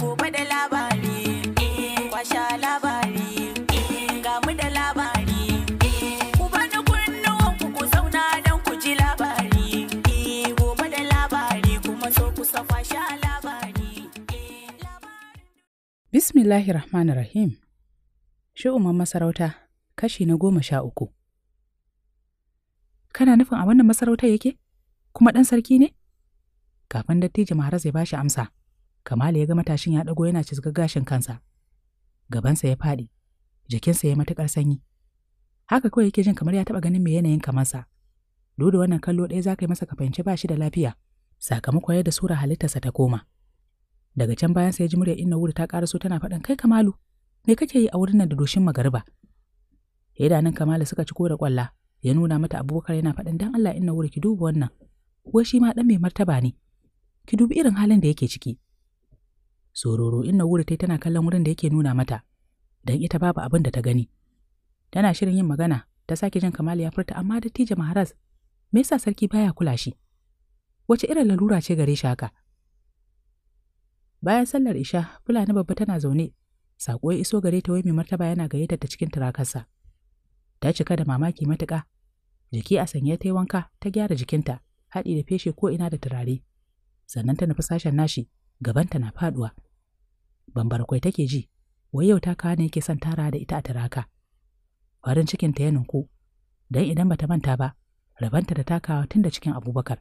gobe da labari eh, kwasha labari eh, ga mu da labari eh, ku bani kunnuwan ku ku zauna don ku ji labari gobe da labari kuma so ku sa kwasha labari bismillahir rahmanir rahim shi'uman masarauta kashi na goma sha uku kana nufin a wannan masarauta yake kuma ɗan sarki ne kafin dattijo maharaz ya shi amsa Kamalu ya ga matashin ya ɗago yana cizga gashin kansa. Gabansa ya faɗi, jikinsa ya matuƙar sanyi. Haka kawai yake jin kamar ya taɓa ganin mai yanayin kamansa. Duk da wannan kallo ɗaya za ka yi masa ka fahimci ba shi da lafiya, sakamakon yadda sura halittarsa ta koma. Daga can bayan sa ya ji murya Inna Wuri ta ƙaraso tana faɗin kai Kamalu, me kake yi a wurin nan da doshin magariba? Idanun Kamalu suka ciko da ƙwalla, ya nuna mata abubakar yana faɗin dan Allah Inna Wuri ki duba wannan. Wai shi ma dan mai martaba ne. Ki dubi irin halin da yake ciki. Sororo inna wuri tai tana kallon wurin da yake nuna mata, don ita babu abin da ta gani. Tana shirin yin magana, ta sake jin Kamal ya furta amma dattijo Maharas, me yasa sarki baya kula shi? Wace irin lalura ce gare shi haka? Bayan sallar Isha, Fulani babba tana zaune, sako ya iso gare ta wai mai martaba yana gayyata ta cikin turakarsa. Ta cika da mamaki matuƙa, jiki a sanye ta yi wanka, ta gyara jikinta, haɗi da feshe ko ina da turare. Sannan ta nufi sashen nashi, gabanta na faduwa. Bambarkwai take ji, wai yau ta kawo ne yake son tara da ita a turaka. Farin cikinta ya ninku, don idan bata manta ba, rabanta da takawa tun da cikin Abubakar.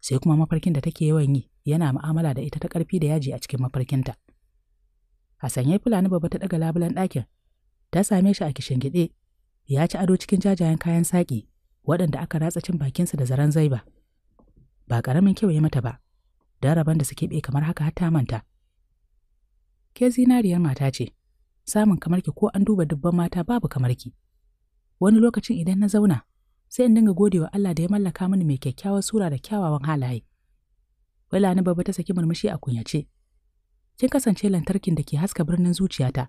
Sai kuma mafarkin da take yawan yi yana ma'amala da ita ta ƙarfi da yaji a cikin mafarkinta. A sanye Fulani babba ta ɗaga labulen ɗakin, ta same shi a kishingiɗe, ya ci ado cikin jajayen kayan saƙi waɗanda aka ratsa cin bakinsa da zaren zaiba. Ba ƙaramin kyau ya mata ba, don rabon da suke kamar haka har ta manta. ke zinariyar mata ce, samun kamar ki ko an duba dubban mata babu kamar ki. Wani lokacin idan na zauna, sai in dinga gode wa Allah da ya mallaka mini mai kyakkyawar sura da kyawawan halaye. Wala ni babba ta saki murmushi a kunyace. Kin kasance lantarkin da ke haska birnin zuciyata,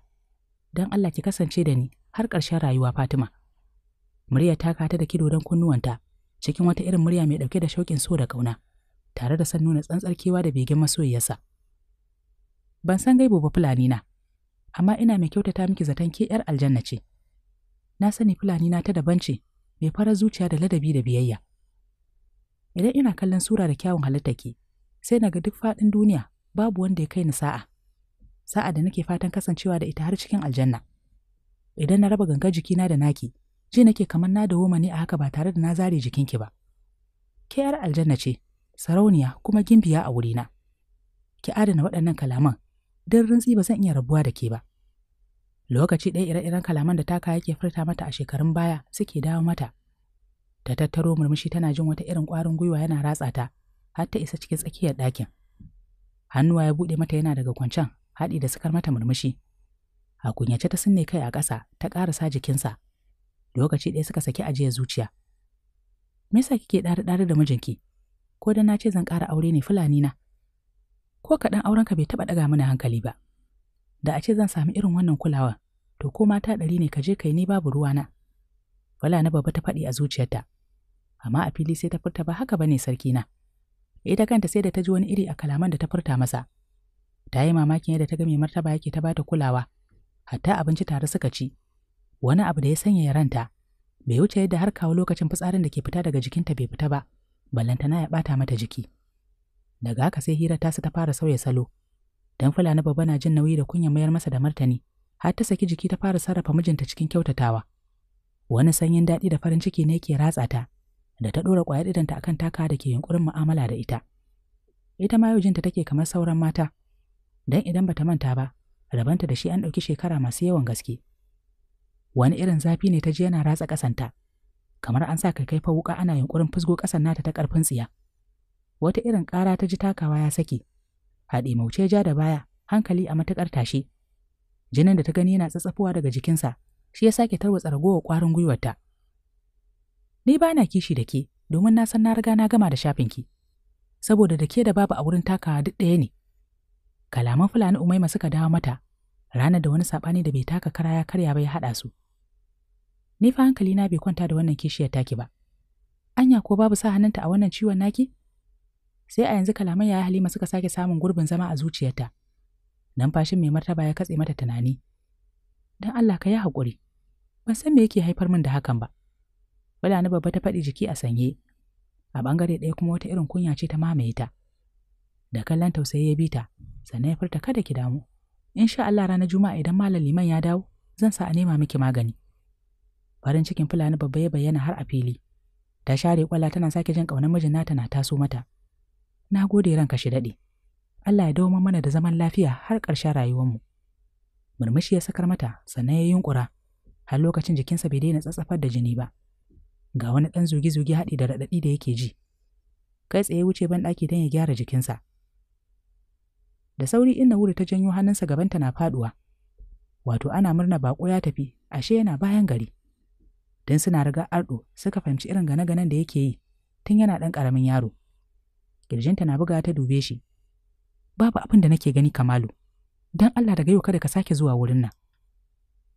don Allah ki kasance da ni har ƙarshen rayuwa Fatima. Murya ta kata da kido don kunnuwanta, cikin wata irin murya mai ɗauke da shauƙin so da ƙauna, tare da san nuna tsantsar da begen masoyiyarsa. Ban san gaibu ba Fulani na, amma ina mai kyautata miki zaton ke ‘yar aljanna ce. Na sani Fulani na ta daban ce, mai farar zuciya da ladabi da biyayya. Idan ina kallon sura da kyawun halitta ke, sai na ga duk faɗin duniya babu wanda ya kai ni sa'a. Sa'a da nake fatan kasancewa da ita har cikin aljanna. Idan na raba gangar jikina da naki, ji nake kamar na da woma ne a haka ba tare da na zare jikin ki ba. Ke ‘yar aljanna ce, sarauniya kuma gimbiya a wurina. Ki adana waɗannan kalaman, don rantsi ba zan iya rabuwa da ke ba. Lokaci ɗaya ire-iren kalaman da taka yake furta mata a shekarun baya suke dawo mata. Ta tattaro murmushi tana jin wata irin ƙwarin gwiwa yana ratsa ta, har ta isa cikin tsakiyar ɗakin. Hannuwa ya buɗe mata yana daga kwancen, haɗi da sukar mata murmushi. A kunyace ta sinne kai a ƙasa, ta ƙarasa jikinsa. Lokaci ɗaya suka saki ajiyar zuciya. Me yasa kike ɗari-ɗari da mijinki? Ko da na ce zan ƙara aure ne Fulani na? ko kaɗan aurenka bai taɓa ɗaga mana hankali ba. Da a ce zan sami irin wannan kulawa, to ko mata ɗari ne ka je yi ni babu ruwa na. Wala na baba ta faɗi a zuciyarta, amma a fili sai ta furta ba haka ba ne sarkina. Ita kanta sai da ta ji wani iri a kalaman da ta furta masa. Ta yi mamakin yadda ta ga mai martaba yake ta bata kulawa, hatta abinci tare suka ci. Wani abu da ya sanya ya ranta, bai wuce yadda har kawo lokacin fitsarin da ke fita daga jikinta bai fita ba, ballantana ya ɓata mata jiki. daga haka sai hira ta su ta fara sauya salo dan fulani babba na jin nauyi da kunya mayar masa da martani har ta saki jiki ta fara sarrafa mijinta cikin kyautatawa wani sanyin daɗi da farin ciki ne ke ratsa ta da ta ɗora ƙwayar idanta akan taka da ke yunkurin mu'amala da ita ita ma jinta take kamar sauran mata dan idan bata manta ba rabanta da shi an ɗauki shekara masu yawan gaske wani irin zafi ne ta ji yana ratsa ƙasanta kamar an sa kai kai fa wuka ana yunkurin fusgo ƙasan nata ta ƙarfin tsiya wata irin ƙara ta ji takawa ya saki. Haɗe mauce ja da baya, hankali a matuƙar tashe. Jinin da ta gani yana tsatsafowa daga jikinsa, shi ya sake tarwatsa ragowar ƙwarin gwiwarta. Ni ba na kishi da ke, domin na san na riga na gama da shafin ki. Saboda da ke da babu a wurin takawa duk ɗaya ne. Kalaman Fulani Umaima suka dawo mata, ranar da wani saɓani da bai taka kara ya karya ba ya haɗa su. Ni fa hankali na bai kwanta da wannan kishiyar taki ba. Anya ko babu sa hannunta a wannan ciwon naki? sai a yanzu kalaman yaya Halima suka sake samun gurbin zama a zuciyarta. Numfashin mai martaba ya katse mata tunani. Dan Allah ka yi haƙuri. Ban san me yake haifar min da hakan ba. Fulani babba ta faɗi jiki a sanye. A ɓangare ɗaya kuma wata irin kunya ce ta mamaye ta. Da kallon tausayi ya bi ta, sannan ya furta kada ki damu. Insha Allah ranar Juma'a idan Malam Liman ya dawo, zan sa a nema miki magani. Farin cikin Fulani babba ya bayyana har a fili. Ta share kwalla tana sake jin ƙaunar mijin nata na taso mata. Na gode ranka shi daɗe. Allah ya dawo mana da zaman lafiya har ƙarshen mu. Murmushi ya sakar mata sannan ya yi yunƙura har lokacin jikinsa bai daina tsatsafar da jini ba. Ga wani ɗan zugi-zugi haɗi da raɗaɗi da yake ji. Kai tsaye wuce ban ɗaki don ya gyara jikinsa. Da sauri inna wuri ta janyo hannunsa gabanta na faɗuwa. Wato ana murna baƙo ya tafi, ashe yana bayan gari. Don suna riga arɗo suka fahimci irin gane-ganen da yake yi tun yana ɗan ƙaramin yaro. Kirjinta na buga ta dube shi. Babu abin da nake gani Kamalu. Dan Allah daga yau kada ka sake zuwa wurin nan.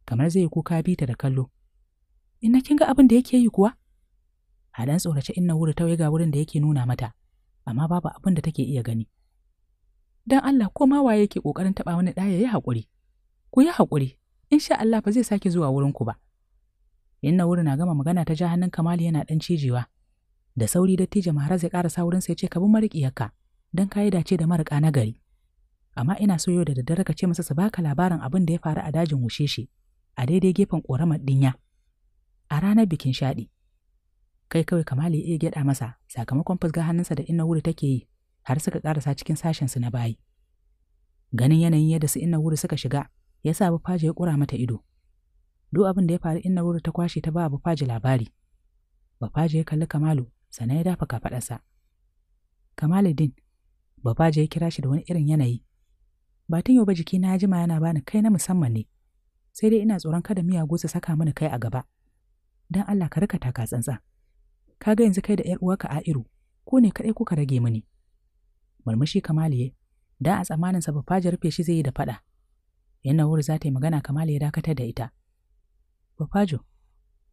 Kamar zai yi kuka bi ta da kallo. in kin ga abin da yake yi kuwa? A dan tsorace inna wuri ta ga wurin da yake nuna mata, amma babu abin da take iya gani. Dan Allah ko ma waye yake kokarin taba wani ɗaya yayi hakuri Ku yi hakuri insha Allah ba zai sake zuwa wurin ku ba. Inna wuri na gama magana ta ja hannun Kamalu yana ɗan cijewa. da sauri dattijo mahara zai ƙara wurinsa ya ce ka bi mariƙiyarka don ka yi dace da mariƙa na gari amma ina so yau da daddare ka ce masa su baka labarin abin da ya faru a dajin wusheshe a daidai gefen ƙoramar dinya a ranar bikin shaɗi kai kawai kamali ya iya gyaɗa masa sakamakon fusga hannunsa da inna wuri take yi har suka ƙarasa cikin sashensu na bayi ganin yanayin yadda su inna wuri suka shiga ya sa bufaji ya ƙura mata ido duk abin da ya faru inna wuri ta kwashe ta ba bufaji labari bufaji ya kalli kamalu sannan ya dafa kafaɗarsa. Kamaluddin, Babaji ya kira shi da wani irin yanayi. Ba tun yau ba jiki na jima yana bani kai na musamman ne, sai dai ina tsoron kada miyagu su saka mini kai a gaba. Don Allah ka rika taka tsantsa. Ka ga yanzu kai da ‘yar uwarka A'iru, ko ne kaɗai kuka rage mini. Murmushi ya da a tsammaninsa Babaji rufe shi zai yi da faɗa. Yana wuri za ta yi magana ya dakatar da ita. Babajo,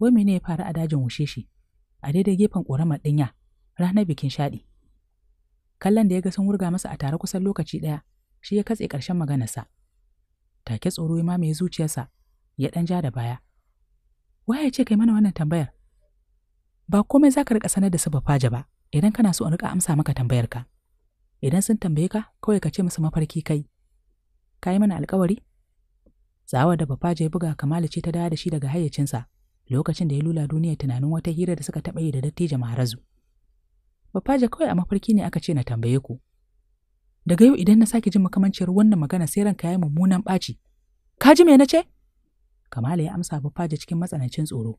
wai mene ya faru a dajin wushe shi? a daidai gefen ƙoramar ɗinya ranar bikin shaɗi. Kallon da ya ga sun wurga masa a tare kusan lokaci ɗaya shi ya katse ƙarshen maganarsa. Take tsoro ya mamaye zuciyarsa ya ɗan ja da baya. Waye ce kai mana wannan tambayar? Ba komai za ka riƙa sanar da su ba ba idan kana so in riƙa amsa maka tambayar ka Idan sun tambaye ka kawai ka ce musu mafarki kai. Ka yi mana alkawari? Tsawa da bafaja ya buga Kamalu ce ta dawo da shi daga hayyacinsa lokacin da ya lula duniya tunanin wata hira da suka taɓa yi da dattijo maharazu. Bafaja kawai a mafarki ne aka ce na tambaye ku. Daga yau idan na sake jin makamanciyar wannan magana sai ranka ya mummunan ɓaci. Ka ji me na ce? Kamala ya amsa Bafaja cikin matsanancin tsoro.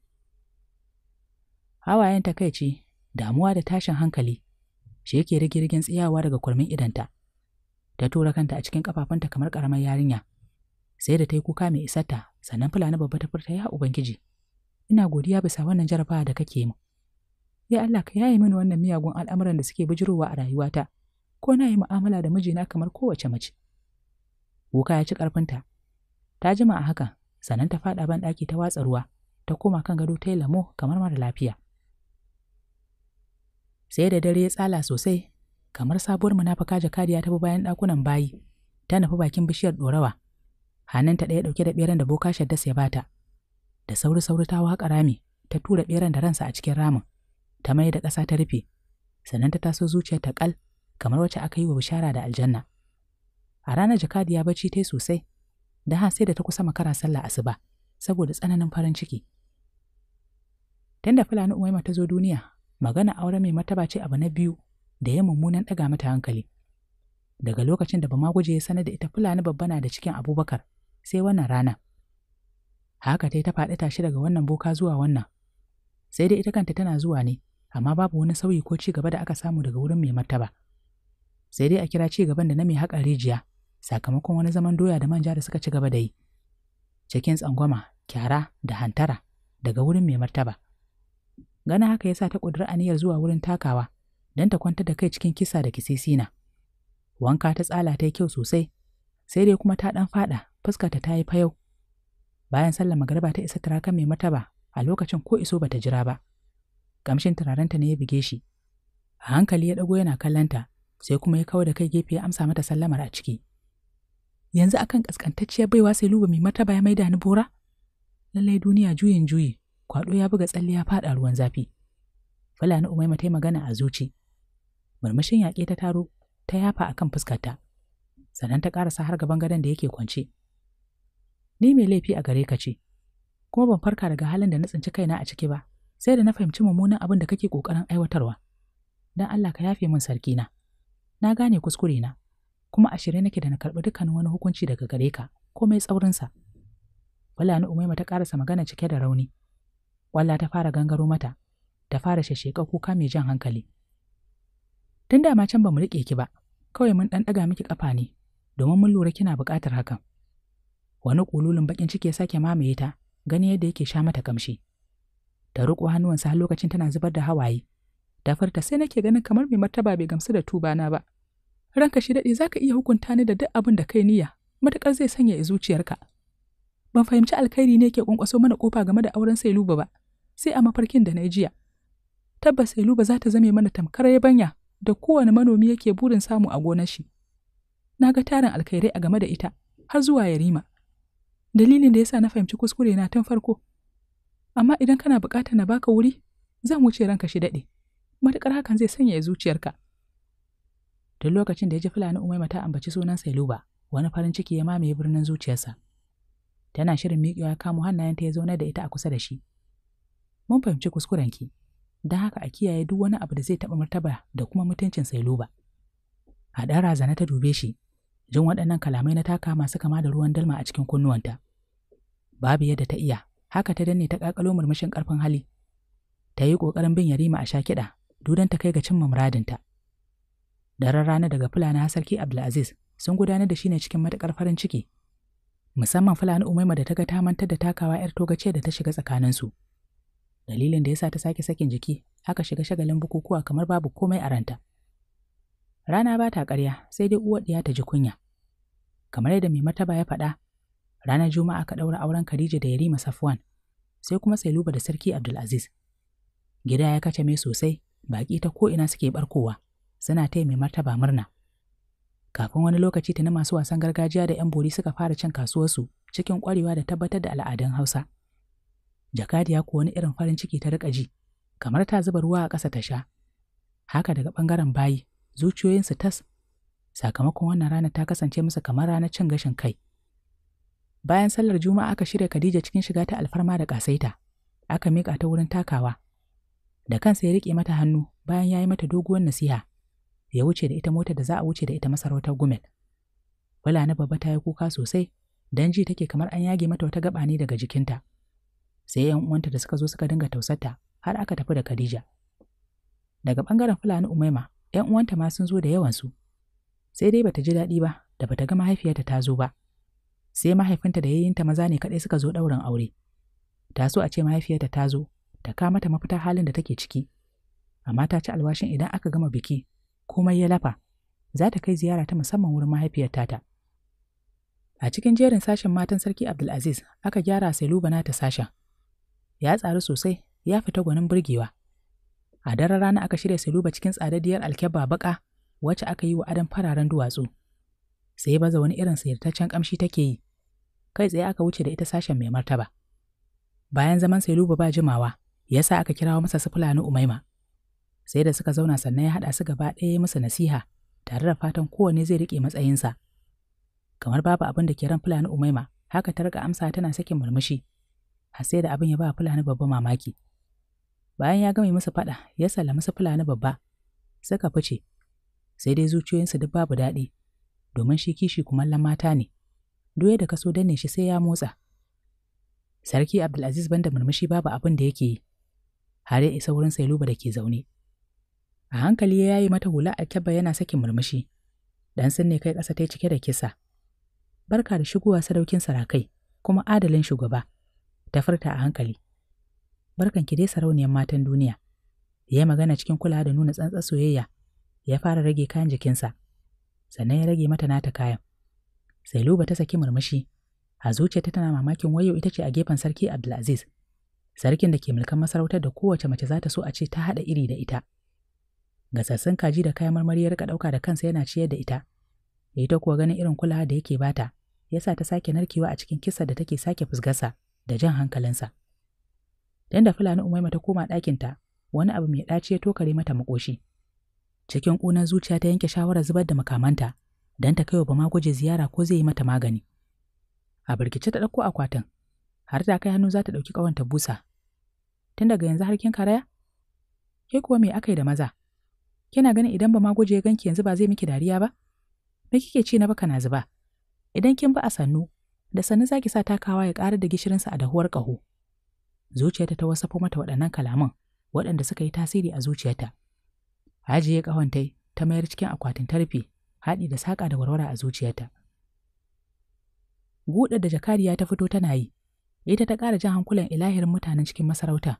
Hawayen takaici, damuwa da tashin hankali, shi yake rigirgin tsiyawa daga kurmin idanta. Ta tura kanta a cikin kafafunta kamar karamar yarinya. Sai da ta yi kuka mai isarta, sannan fulani babba ta furta ya Ubangiji. ina godiya bisa wannan jarabawa da kake min. Ya Allah ka yaye mini wannan miyagun al'amuran da suke bijirowa a rayuwata, ko na yi mu'amala da mijina kamar kowace mace. Wuka ya ci ƙarfinta, ta jima a haka, sannan ta faɗa ban ɗaki ta watsa ruwa, ta koma kan gado ta yi lamo kamar mara lafiya. Sai da dare ya tsala sosai, kamar sabuwar munafuka jakadiya ta bi bayan ɗakunan bayi, ta nufi bakin bishiyar dorawa. hannunta ɗaya ɗauke da ɓeran da boka shaddas ya bata. da sauri sauri ta waka rami ta tura ɓeran da ransa a cikin ramin ta mai da ƙasa ta rufe sannan ta taso zuciya ta kal kamar wacce aka yi wa bishara da aljanna a ranar ya bacci ta sosai da ha sai da ta kusa makara sallah asuba saboda tsananin farin ciki tunda fulani umaima ta zo duniya magana aure mai martaba ce abu na biyu da ya mummunan ɗaga mata hankali daga lokacin da bama guje ya sanar da ita fulani babba na da cikin abubakar sai wannan rana haka ta yi ta faɗi tashi daga wannan boka zuwa wannan sai dai ita kanta tana zuwa ne amma babu wani sauyi ko ci gaba da aka samu daga wurin mai martaba sai dai a kira ci gaban da na mai haƙa rijiya sakamakon wani zaman doya da manja da suka ci gaba da yi cikin tsangwama kyara da hantara daga wurin mai martaba gana haka yasa ta ƙudura aniyar zuwa wurin takawa don ta kwantar da kai cikin kisa da kisisina wanka ta tsala ta yi kyau sosai sai dai kuma ta ɗan faɗa fuskarta ta yi fayau Bayan sallar magariba ta isa kan mai mataba a lokacin ko iso bata jira ba. Kamshin turarenta ne ya buge shi. A hankali ya ɗago yana kallanta, sai kuma ya kawo da kai gefe ya amsa mata sallamar a ciki. Yanzu akan kaskantacciyar baiwa sai luba mai mataba ya maida ni bora? Lallai duniya juyin juyi, kwaɗo ya buga tsalle ya faɗa ruwan zafi. Fulani Umaima ta yi magana a zuci. Murmushin yaƙe ta taro ta yafa akan fuskarta. Sannan ta ƙarasa har gaban gadon da yake kwance. ni mai laifi a gare ka ce kuma ban farka daga halin da na tsinci kaina a ciki ba sai da na fahimci mummunan abin da kake ƙoƙarin aiwatarwa don Allah ka yafe min sarkina na gane kuskure na kuma a shirye nake da na karɓi dukkanin wani hukunci daga gare ka komai tsaurinsa ni Umaima ta ƙarasa magana cike da rauni. Walla ta fara gangaro mata, ta fara shasheka kuka mai jan hankali. Tun da ma can ba mu riƙe ki ba, kawai mun ɗan ɗaga miki ƙafa ne, domin mun lura kina buƙatar hakan. wani kululin bakin ciki ya sake mamaye ta gani yadda yake sha mata kamshi ta riko hannuwansa har lokacin tana zubar da hawaye ta furta sai nake ganin kamar mai martaba bai gamsu da tubana ba ranka shi daɗe zaka iya hukunta ni da duk abin da kai niyya matuƙar zai sanya ya zuciyarka ban fahimci alkhairi ne ke kwankwaso mana kofa game da auren Sailuba ba sai a mafarkin da na jiya tabbas Sailuba za ta zame mana tamkar yabanya da kowane manomi yake burin samu a gonar shi na ga tarin alkhairai a game da ita har zuwa Yarima dalilin da yasa na fahimci kuskure na tun farko amma idan kana bukata na baka wuri zan wuce ranka shi daɗe matukar hakan zai sanya ya zuciyarka da lokacin da ya ji fulani umaima ta ambaci sunan sailuba wani farin ciki ya mamaye birnin zuciyarsa tana shirin miƙewa ya kamo hannayenta ya zauna da ita a kusa da shi mun fahimci kuskurenki don haka a kiyaye duk wani abu da zai taɓa martaba da kuma mutuncin sailuba a ɗan razana ta dube shi Jin waɗannan kalamai na taka masu kama da ruwan dalma a cikin kunnuwanta. Babu yadda ta iya, haka ta danne ta ƙaƙalo murmushin ƙarfin hali. Ta yi ƙoƙarin bin Yarima a sha kiɗa, dudan ta kai ga cimma muradinta. Daren rana daga Fulani har Sarki Abdulaziz sun gudanar da shi ne cikin matuƙar farin ciki. Musamman Fulani Umaima da ta ga ta mantar da takawa 'yar togace da ta shiga tsakaninsu. Dalilin da ya sa ta sake sakin jiki, aka shiga shagalin bukukuwa kamar babu komai a ranta. Rana ba ta ƙarya, sai dai uwar ɗiya ta ji kunya. Kamar yadda mai mataba ya faɗa, ranar Juma'a ka ɗaura auren Khadija da Yarima Safwan, sai kuma Sailuba da Sarki Abdulaziz. Gida ya kace mai sosai, baƙi ta ko'ina suke barkowa, suna taya mai martaba murna. Kafin wani lokaci tuni masu wasan gargajiya da 'yan bori suka fara cin kasuwarsu cikin ƙwarewa da tabbatar da al'adun Hausa. Jakadiya ko wani irin farin ciki ta riƙa ji, kamar ta zuba ruwa a ƙasa ta sha. Haka daga ɓangaren bayi, zuciyoyinsu tas sakamakon wannan rana ta kasance musu kamar ranar cin gashin kai bayan sallar juma'a aka shirya khadija cikin shiga ta alfarma da kasaita aka mika ta wurin takawa da kansa ya riƙe mata hannu bayan ya yi mata doguwar nasiha ya wuce da ita mota da za a wuce da ita masarautar gumel wala na babba ta yi kuka sosai dan ji take kamar an yage mata wata gaba ne daga jikinta sai yan uwanta da suka zo suka dinga tausarta har aka tafi da Khadija. Daga ɓangaren Fulani Umaima, ‘yan uwanta ma sun zo da yawansu, sai dai bata ji daɗi ba da bata ga mahaifiyarta ta zo ba, sai mahaifinta da yayinta maza ne kaɗai suka zo ɗaurin aure. Ta so a ce mahaifiyarta ta zo, ta kama mata mafita halin da take ciki, amma ta ci alwashin idan aka gama biki, komai ya lafa, za ta kai ziyara ta musamman wurin mahaifiyarta ta. A cikin jerin sashen matan Sarki Abdulaziz aka gyara sai Lubana ta sashen. Ya tsaru sosai, ya fita gwanin burgewa. A daren rana aka shirya saluba cikin tsadadiyar alkyabba baka wacce aka yi wa adon fararen duwatsu. Sai baza wani irin sayartaccen kamshi take yi. Kai tsaye aka wuce da ita sashen mai martaba. Bayan zaman saluba ba jimawa, ya sa aka kirawo masa su Fulani Umaima. Sai da suka zauna sannan ya haɗa su gaba ɗaya musu nasiha, tare da fatan kowanne zai riƙe matsayinsa. Kamar babu abin da ke ran Fulani Umaima, haka ta riƙa amsa tana sakin murmushi. Har sai da abin ya ba Fulani babba mamaki. Bayan ya gama masa faɗa, ya sala masa fulani babba, Saka fice, sai dai zuciyoyinsa duk babu daɗi, domin shi kishi kumallon mata ne, doya da kaso danne shi sai ya motsa. Sarki Abdulaziz banda murmushi babu abin da yake yi, har ya isa wurin Sailuba da ke zaune. A hankali ya yayi mata hula a kyabba yana sakin murmushi, dan sun kai ƙasa ta cike da kisa. Barka da shigowa sadaukin sarakai, kuma adalin shugaba, ta furta a hankali. barkan ki dai sarauniyar matan duniya. Ya yi magana cikin kulawa da nuna tsantsar soyayya, ya fara rage kayan jikinsa, sannan ya rage mata nata kayan. Sai Luba ta saki murmushi, a ta tana mamakin wayo ita ce a gefen sarki Abdulaziz, sarkin da ke mulkan masarautar da kowace mace za ta so a ce ta haɗa iri da ita. Gasassun kaji da kayan marmari ya rika ɗauka da kansa yana ciyar da ita, da ita kuwa ganin irin kulawa da yake bata, yasa ta sake narkewa a cikin kisa da take sake fusgarsa da jan hankalinsa. Dan da Fulani Umaima ta koma ɗakinta, wani abu mai ɗaci ya tokare mata makoshi. Cikin ƙunan zuciya ta yanke shawarar zubar da makamanta, dan ta kai wa bama gwaje ziyara ko zai yi mata magani. A birkice ta ɗauko akwatin, har ta kai hannu za ta ɗauki ƙawanta busa. Tun daga yanzu har kin karaya? Ke kuwa me aka yi da maza? Kina ganin idan bama gwaje ya ganki yanzu ba zai miki dariya ba? Me kike ci na baka na zuba? Idan kin ba a sannu, da sannu za sa takawa ya karar da gishirinsa a dahuwar ƙaho. zuciyarta ta wasafo mata waɗannan kalaman waɗanda suka yi tasiri a zuciyarta. ya ƙahontai ta mayar cikin akwatin tarfe haɗi da saƙa da warwara a zuciyarta. Guɗa da jakariya ta fito tana yi, ita ta ƙara jan hankulan ilahirin mutanen cikin masarauta.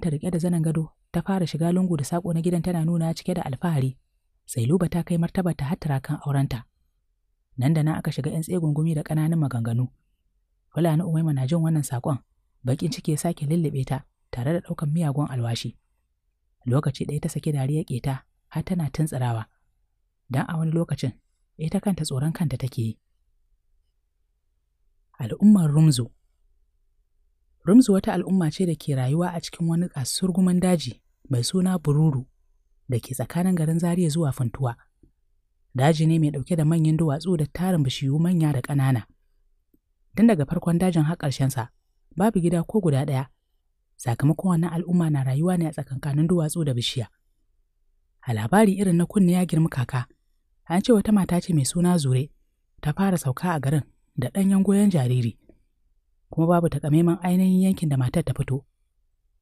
ta riƙe da zanen gado ta fara shiga lungu da saƙo na gidan tana nuna cike da alfahari, sai luba ta kai martaba ta hattara kan aurenta. Nan da na aka shiga 'yan tsegungumi da ƙananan maganganu. Fulani Umaima na jin wannan saƙon baƙin ciki ya sake lullube ta tare da ɗaukan miyagun alwashi. Lokaci ɗaya ta saki dariya ƙeta har tana tuntsirawa. Dan a wani lokacin, ita kanta tsoron kanta take yi. Al'ummar Rumzu Rumzu wata al'umma ce da ke rayuwa a cikin wani kasurguman daji mai suna Bururu da ke tsakanin garin zariya zuwa Funtuwa. Daji ne mai ɗauke da manyan duwatsu da tarin bishiyu manya da ƙanana. Tun daga farkon dajin har ƙarshensa, babu gida ko guda ɗaya. Sakamakon wannan al'umma na rayuwa ne a tsakankanin duwatsu da bishiya. A labari irin na kunne ya girma kaka, an ce wata mata ce mai suna Zure, ta fara sauka a garin da ɗanyen goyon jariri. Kuma babu takamaiman ainihin yankin da matar ta fito.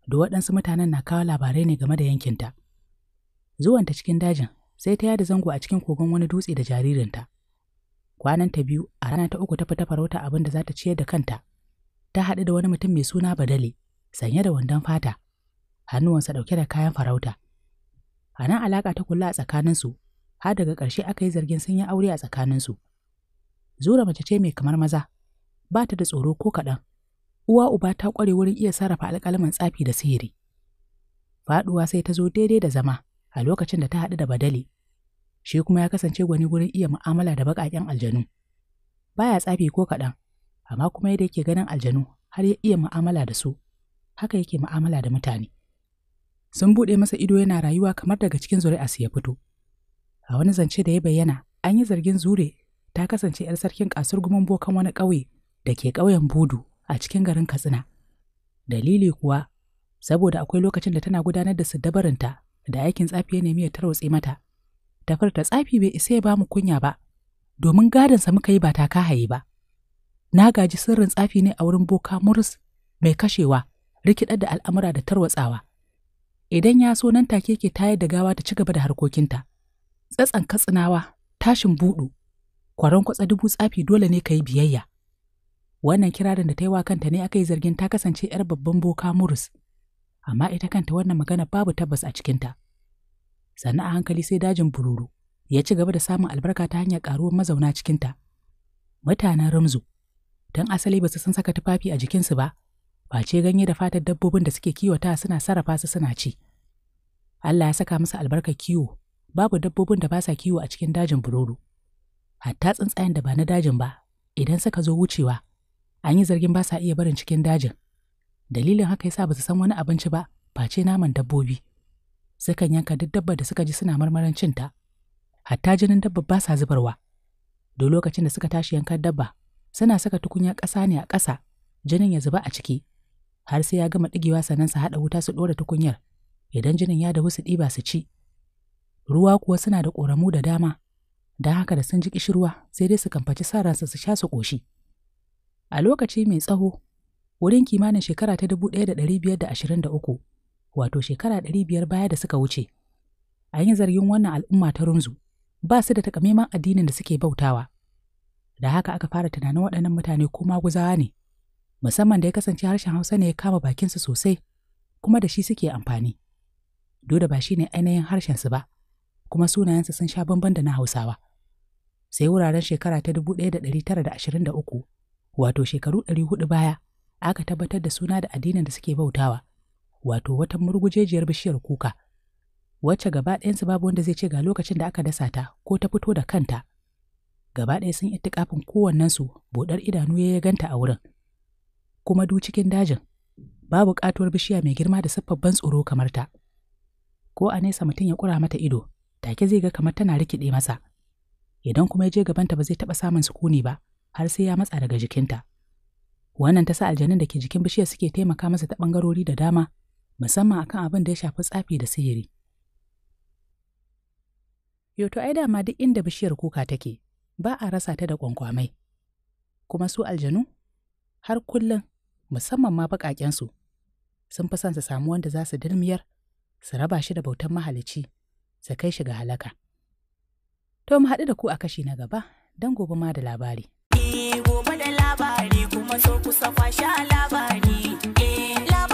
Da waɗansu mutanen na kawo labarai ne game da yankinta. Zuwanta cikin dajin, sai ta yada zango a cikin kogon wani dutse da jaririnta. Kwanan ta biyu a rana ta uku ta fita farauta abin da za ta ciyar da kanta ta haɗu da wani mutum mai suna Badale, sanye da wandon fata, hannuwansa ɗauke da kayan farauta. A nan alaƙa ta kula a tsakaninsu, har daga ƙarshe aka yi zargin sun yi aure a tsakaninsu. Zura mace ce mai kamar maza, ba ta da tsoro ko kaɗan. Uwa uba ta ƙware wurin iya sarrafa alƙalamin tsafi da sihiri. Faɗuwa sai ta zo daidai da zama a lokacin da ta haɗu da badale. Shi kuma ya kasance gwani wurin iya mu'amala da baƙaƙen aljanu. Baya tsafi ko kaɗan, amma kuma yadda yake ganin aljanu har ya iya mu'amala da su haka yake mu'amala da mutane sun buɗe masa ido yana rayuwa kamar daga cikin zuri'arsu ya fito a wani zance da ya bayyana an yi zargin zure ta kasance 'yar sarkin kasar gumin bokan wani ƙauye da ke ƙauyen budu a cikin garin katsina dalili kuwa saboda akwai lokacin da tana gudanar da siddabarinta da aikin tsafi ya nemi ya tarwatse mata tafarta ta tsafi bai isa ya bamu kunya ba domin gadonsa muka yi ba ta kahaye ba na gaji sirrin tsafi ne a wurin boka murus mai kashewa rikidar da al'amura da tarwatsawa idan ya so nan take ke tayar da gawa ta ci gaba da harkokinta tsatsan katsinawa tashin buɗu kwaron kwatsa dubu tsafi dole ne ka yi biyayya wannan kirarin da ta yi wa kanta ne aka yi zargin ta kasance 'yar babban boka murus amma ita kanta wannan magana babu tabbas a cikinta sannan a hankali sai dajin bururu ya ci gaba da samun albarka ta hanyar ƙaruwar mazauna cikinta mutanen Ramzu. don asali ba su san saka tufafi a jikinsu ba, face ganye da fatar dabbobin da suke kiwata suna sarrafa su suna ci. Allah ya saka musu albarkar kiwo, babu dabbobin da ba sa kiwo a cikin dajin bururu. Hatta tsuntsayen da ba na dajin ba, idan suka zo wucewa, an yi zargin ba sa iya barin cikin dajin. Dalilin haka yasa ba su san wani abinci ba, face naman dabbobi. Sukan yanka duk dabba da suka ji suna marmarin cinta. Hatta jinin dabba ba sa zubarwa. Do lokacin da suka tashi yankan dabba, Suna saka tukunya ƙasa ne a ƙasa, jinin ya zuba a ciki, har sai ya gama ɗigewa sannan su haɗa wuta su ɗora tukunyar, idan jinin ya dahu su ɗiba su ci. Ruwa kuwa suna da ƙoramu da dama, don haka da sun ji ƙishirwa sai dai su kamfaci sa su sha su ƙoshi. A lokaci mai tsaho, wurin kimanin shekara ta dubu ɗaya da da ɗari biyar ashirin uku, wato shekara ɗari biyar baya da suka wuce, An yi zargin wannan al'umma ta Rumzu, ba su da takamaiman addinin da suke bautawa, da haka aka fara tunanin waɗannan mutane ko maguzawa ne musamman da ya kasance harshen hausa ne ya kama bakin su sosai kuma da shi suke amfani Doda ba shi ne ainihin su ba kuma sunayensa sun sha bamban da na hausawa sai wuraren shekara ta dubu ɗaya da da da ɗari tara ashirin uku, wato shekaru ɗari 400 baya aka tabbatar da suna da addinin da suke bautawa wato wata murgujejiyar bishiyar kuka wacce gaba ɗayansu babu wanda zai ce ga lokacin da aka dasa ta ko ta fito da kanta gaba ɗaya sun yi kafin kowannensu buɗar idanu ya ganta a wurin kuma du cikin dajin babu katuwar bishiya mai girma da siffar tsoro kamar ta ko a nesa mutum ya kura mata ido take zai ga kamar tana rikide masa idan kuma ya je gabanta ba zai taɓa samun sukuni ba har sai ya matsa daga jikinta wannan ta sa aljanun da ke jikin bishiyar suke taimaka masa ta ɓangarori da dama musamman akan abin da ya shafi tsafi da sihiri. Yoto ai dama duk inda bishiyar kuka take, ba a rasa ta da ƙwanƙwamai. Kuma su aljanu, har kullum, musamman ma baƙaƙensu, sun fi son su samu wanda za su dirmiyar, su raba shi da bautan mahalicci su kai shi ga halaka. To mu haɗu da ku a kashi na gaba, don gobe ma da labari. Eh, gobe da labari kuma so kusa kwashe labari. Eh,